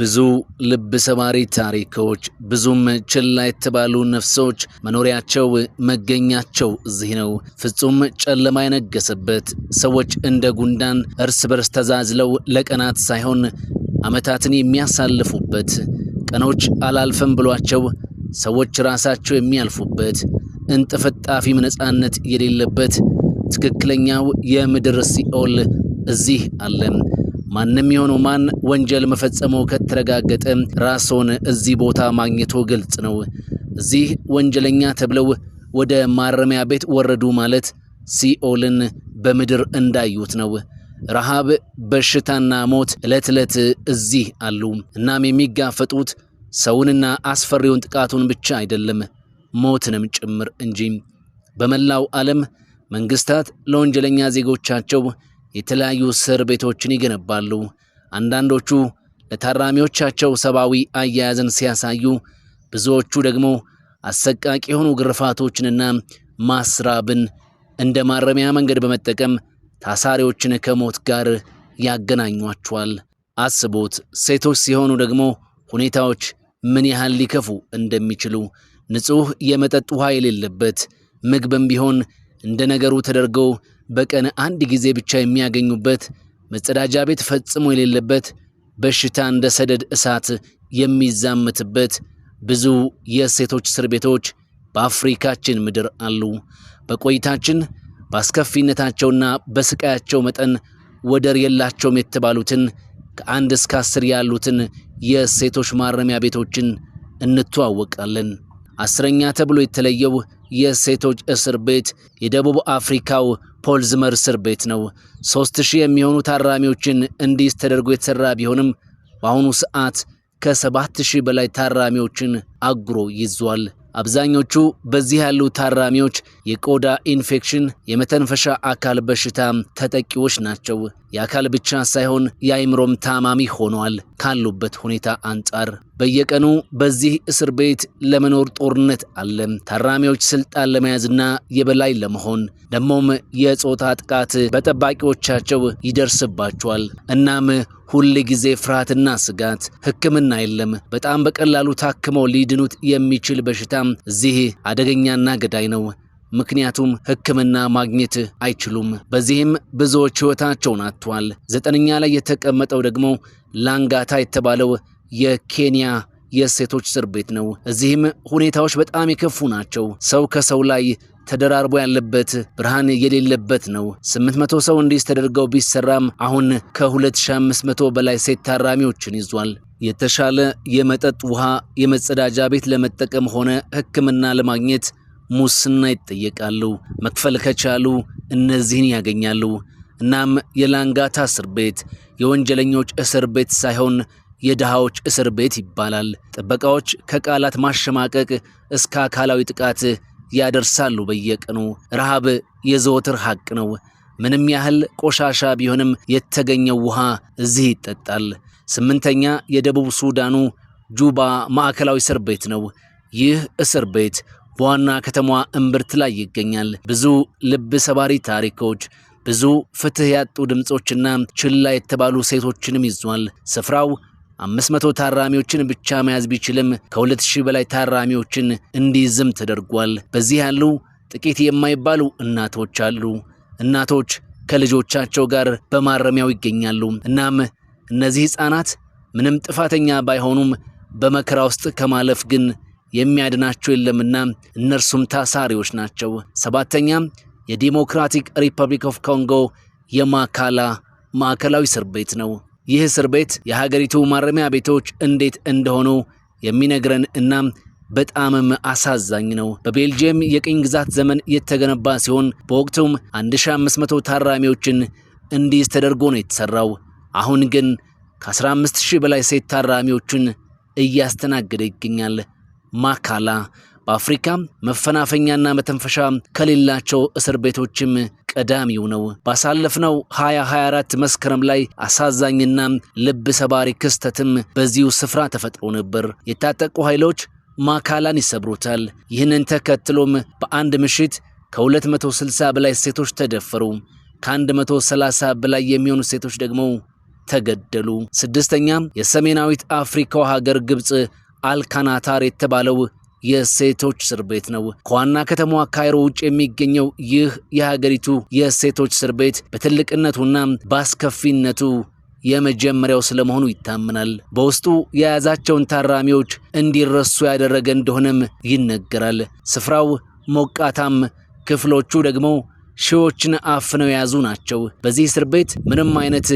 ብዙ ልብ ሰባሪ ታሪኮች፣ ብዙም ችላ የተባሉ ነፍሶች መኖሪያቸው መገኛቸው እዚህ ነው። ፍጹም ጨለማ የነገሰበት ሰዎች እንደ ጉንዳን እርስ በርስ ተዛዝለው ለቀናት ሳይሆን ዓመታትን የሚያሳልፉበት ቀኖች አላልፈም ብሏቸው ሰዎች ራሳቸው የሚያልፉበት እንጥፍጣፊም ነፃነት የሌለበት ትክክለኛው የምድር ሲኦል እዚህ አለን። ማንም የሆነው ማን ወንጀል መፈጸሙ ከተረጋገጠ ራስዎን እዚህ ቦታ ማግኘቶ ግልጽ ነው። እዚህ ወንጀለኛ ተብለው ወደ ማረሚያ ቤት ወረዱ ማለት ሲኦልን በምድር እንዳዩት ነው። ረሃብ፣ በሽታና ሞት ዕለት ዕለት እዚህ አሉ። እናም የሚጋፈጡት ሰውንና አስፈሪውን ጥቃቱን ብቻ አይደለም ሞትንም ጭምር እንጂ። በመላው ዓለም መንግስታት ለወንጀለኛ ዜጎቻቸው የተለያዩ እስር ቤቶችን ይገነባሉ። አንዳንዶቹ ለታራሚዎቻቸው ሰብአዊ አያያዝን ሲያሳዩ፣ ብዙዎቹ ደግሞ አሰቃቂ የሆኑ ግርፋቶችንና ማስራብን እንደ ማረሚያ መንገድ በመጠቀም ታሳሪዎችን ከሞት ጋር ያገናኟቸዋል። አስቡት፣ ሴቶች ሲሆኑ ደግሞ ሁኔታዎች ምን ያህል ሊከፉ እንደሚችሉ። ንጹሕ የመጠጥ ውሃ የሌለበት ምግብም ቢሆን እንደ ነገሩ ተደርገው በቀን አንድ ጊዜ ብቻ የሚያገኙበት መጸዳጃ ቤት ፈጽሞ የሌለበት በሽታ እንደ ሰደድ እሳት የሚዛመትበት ብዙ የሴቶች እስር ቤቶች በአፍሪካችን ምድር አሉ። በቆይታችን በአስከፊነታቸውና በስቃያቸው መጠን ወደር የላቸውም የተባሉትን ከአንድ እስከ አስር ያሉትን የሴቶች ማረሚያ ቤቶችን እንተዋወቃለን። አስረኛ ተብሎ የተለየው የሴቶች እስር ቤት የደቡብ አፍሪካው ፖልዝመር እስር ቤት ነው። ሶስት ሺህ የሚሆኑ ታራሚዎችን እንዲይዝ ተደርጎ የተሰራ ቢሆንም በአሁኑ ሰዓት ከሰባት ሺህ በላይ ታራሚዎችን አጉሮ ይዟል። አብዛኞቹ በዚህ ያሉ ታራሚዎች የቆዳ ኢንፌክሽን፣ የመተንፈሻ አካል በሽታ ተጠቂዎች ናቸው። የአካል ብቻ ሳይሆን የአይምሮም ታማሚ ሆኗል። ካሉበት ሁኔታ አንጻር በየቀኑ በዚህ እስር ቤት ለመኖር ጦርነት አለ። ታራሚዎች ስልጣን ለመያዝና የበላይ ለመሆን ደግሞም የጾታ ጥቃት በጠባቂዎቻቸው ይደርስባቸዋል። እናም ሁል ጊዜ ፍርሃትና ስጋት። ሕክምና የለም። በጣም በቀላሉ ታክመው ሊድኑት የሚችል በሽታም እዚህ አደገኛና ገዳይ ነው። ምክንያቱም ሕክምና ማግኘት አይችሉም። በዚህም ብዙዎች ሕይወታቸውን አጥቷል። ዘጠነኛ ላይ የተቀመጠው ደግሞ ላንጋታ የተባለው የኬንያ የሴቶች እስር ቤት ነው። እዚህም ሁኔታዎች በጣም የከፉ ናቸው። ሰው ከሰው ላይ ተደራርቦ ያለበት ብርሃን የሌለበት ነው። 800 ሰው እንዲስ ተደርገው ቢሰራም አሁን ከ2500 በላይ ሴት ታራሚዎችን ይዟል። የተሻለ የመጠጥ ውሃ፣ የመጸዳጃ ቤት ለመጠቀም ሆነ ሕክምና ለማግኘት ሙስና ይጠየቃሉ። መክፈል ከቻሉ እነዚህን ያገኛሉ። እናም የላንጋታ እስር ቤት የወንጀለኞች እስር ቤት ሳይሆን የድሃዎች እስር ቤት ይባላል። ጥበቃዎች ከቃላት ማሸማቀቅ እስከ አካላዊ ጥቃት ያደርሳሉ በየቀኑ። ረሃብ የዘወትር ሐቅ ነው። ምንም ያህል ቆሻሻ ቢሆንም የተገኘው ውሃ እዚህ ይጠጣል። ስምንተኛ የደቡብ ሱዳኑ ጁባ ማዕከላዊ እስር ቤት ነው። ይህ እስር ቤት በዋና ከተማዋ እምብርት ላይ ይገኛል። ብዙ ልብ ሰባሪ ታሪኮች፣ ብዙ ፍትህ ያጡ ድምፆችና ችላ የተባሉ ሴቶችንም ይዟል። ስፍራው 500 ታራሚዎችን ብቻ መያዝ ቢችልም ከ2000 በላይ ታራሚዎችን እንዲይዝም ተደርጓል። በዚህ ያሉ ጥቂት የማይባሉ እናቶች አሉ። እናቶች ከልጆቻቸው ጋር በማረሚያው ይገኛሉ። እናም እነዚህ ሕፃናት ምንም ጥፋተኛ ባይሆኑም በመከራ ውስጥ ከማለፍ ግን የሚያድናቸው የለምና እነርሱም ታሳሪዎች ናቸው። ሰባተኛ የዲሞክራቲክ ሪፐብሊክ ኦፍ ኮንጎ የማካላ ማዕከላዊ እስር ቤት ነው። ይህ እስር ቤት የሀገሪቱ ማረሚያ ቤቶች እንዴት እንደሆኑ የሚነግረን እና በጣምም አሳዛኝ ነው። በቤልጅየም የቅኝ ግዛት ዘመን የተገነባ ሲሆን በወቅቱም 1500 ታራሚዎችን እንዲይዝ ተደርጎ ነው የተሰራው። አሁን ግን ከ15000 በላይ ሴት ታራሚዎችን እያስተናገደ ይገኛል። ማካላ በአፍሪካ መፈናፈኛና መተንፈሻ ከሌላቸው እስር ቤቶችም ቀዳሚው ነው። ባሳለፍነው 2024 መስከረም ላይ አሳዛኝና ልብ ሰባሪ ክስተትም በዚሁ ስፍራ ተፈጥሮ ነበር። የታጠቁ ኃይሎች ማካላን ይሰብሩታል። ይህንን ተከትሎም በአንድ ምሽት ከ260 በላይ ሴቶች ተደፈሩ። ከ130 በላይ የሚሆኑ ሴቶች ደግሞ ተገደሉ። ስድስተኛ የሰሜናዊት አፍሪካው ሀገር ግብፅ አልካናታር የተባለው የሴቶች እስር ቤት ነው። ከዋና ከተማዋ ካይሮ ውጭ የሚገኘው ይህ የሀገሪቱ የሴቶች እስር ቤት በትልቅነቱና በአስከፊነቱ የመጀመሪያው ስለመሆኑ ይታመናል። በውስጡ የያዛቸውን ታራሚዎች እንዲረሱ ያደረገ እንደሆነም ይነገራል። ስፍራው ሞቃታም፣ ክፍሎቹ ደግሞ ሺዎችን አፍነው የያዙ ናቸው። በዚህ እስር ቤት ምንም አይነት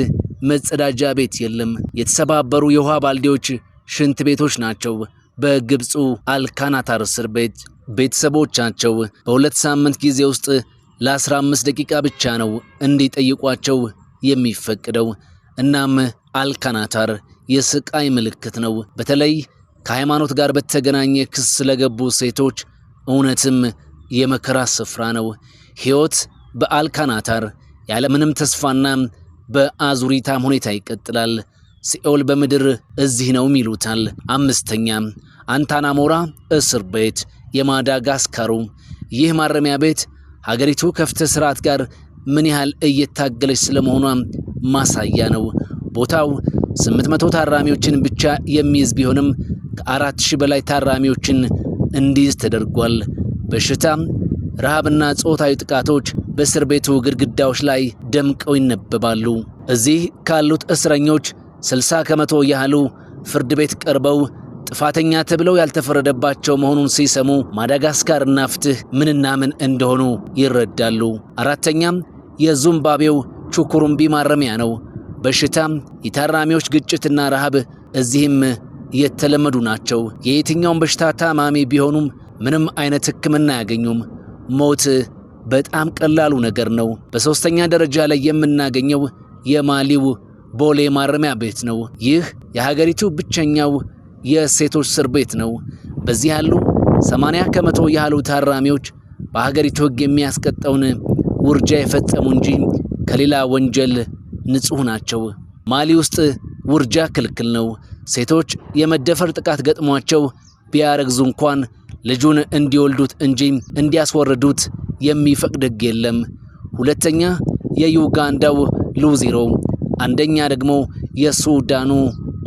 መጸዳጃ ቤት የለም። የተሰባበሩ የውሃ ባልዲዎች ሽንት ቤቶች ናቸው። በግብፁ አልካናታር እስር ቤት ቤተሰቦቻቸው በሁለት ሳምንት ጊዜ ውስጥ ለ15 ደቂቃ ብቻ ነው እንዲጠይቋቸው የሚፈቅደው። እናም አልካናታር የስቃይ ምልክት ነው። በተለይ ከሃይማኖት ጋር በተገናኘ ክስ ስለገቡ ሴቶች እውነትም የመከራ ስፍራ ነው። ሕይወት በአልካናታር ያለምንም ተስፋና በአዙሪታም ሁኔታ ይቀጥላል። ሲኦል በምድር እዚህ ነው ይሉታል። አምስተኛም አንታናሞራ እስር ቤት የማዳጋስካሩ ይህ ማረሚያ ቤት ሀገሪቱ ከፍትህ ስርዓት ጋር ምን ያህል እየታገለች ስለመሆኗ ማሳያ ነው። ቦታው 800 ታራሚዎችን ብቻ የሚይዝ ቢሆንም ከአራት ሺህ በላይ ታራሚዎችን እንዲይዝ ተደርጓል። በሽታ፣ ረሃብና ጾታዊ ጥቃቶች በእስር ቤቱ ግድግዳዎች ላይ ደምቀው ይነበባሉ። እዚህ ካሉት እስረኞች ስልሳ ከመቶ ያህሉ ፍርድ ቤት ቀርበው ጥፋተኛ ተብለው ያልተፈረደባቸው መሆኑን ሲሰሙ ማዳጋስካርና ፍትህ ምንና ምን እንደሆኑ ይረዳሉ። አራተኛም የዙምባቤው ቹኩሩምቢ ማረሚያ ነው። በሽታም፣ የታራሚዎች ግጭትና ረሃብ እዚህም የተለመዱ ናቸው። የየትኛውም በሽታ ታማሚ ቢሆኑም ምንም አይነት ሕክምና አያገኙም። ሞት በጣም ቀላሉ ነገር ነው። በሦስተኛ ደረጃ ላይ የምናገኘው የማሊው ቦሌ ማረሚያ ቤት ነው። ይህ የሀገሪቱ ብቸኛው የሴቶች እስር ቤት ነው። በዚህ ያሉ 80 ከመቶ ያህሉ ታራሚዎች በሀገሪቱ ሕግ የሚያስቀጣውን ውርጃ የፈጸሙ እንጂ ከሌላ ወንጀል ንጹህ ናቸው። ማሊ ውስጥ ውርጃ ክልክል ነው። ሴቶች የመደፈር ጥቃት ገጥሟቸው ቢያረግዙ እንኳን ልጁን እንዲወልዱት እንጂ እንዲያስወርዱት የሚፈቅድ ሕግ የለም። ሁለተኛ የዩጋንዳው ሉዚሮ አንደኛ ደግሞ የሱዳኑ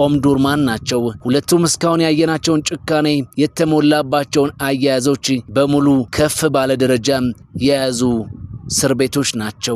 ኦምዱርማን ናቸው። ሁለቱም እስካሁን ያየናቸውን ጭካኔ የተሞላባቸውን አያያዞች በሙሉ ከፍ ባለ ደረጃ የያዙ እስር ቤቶች ናቸው።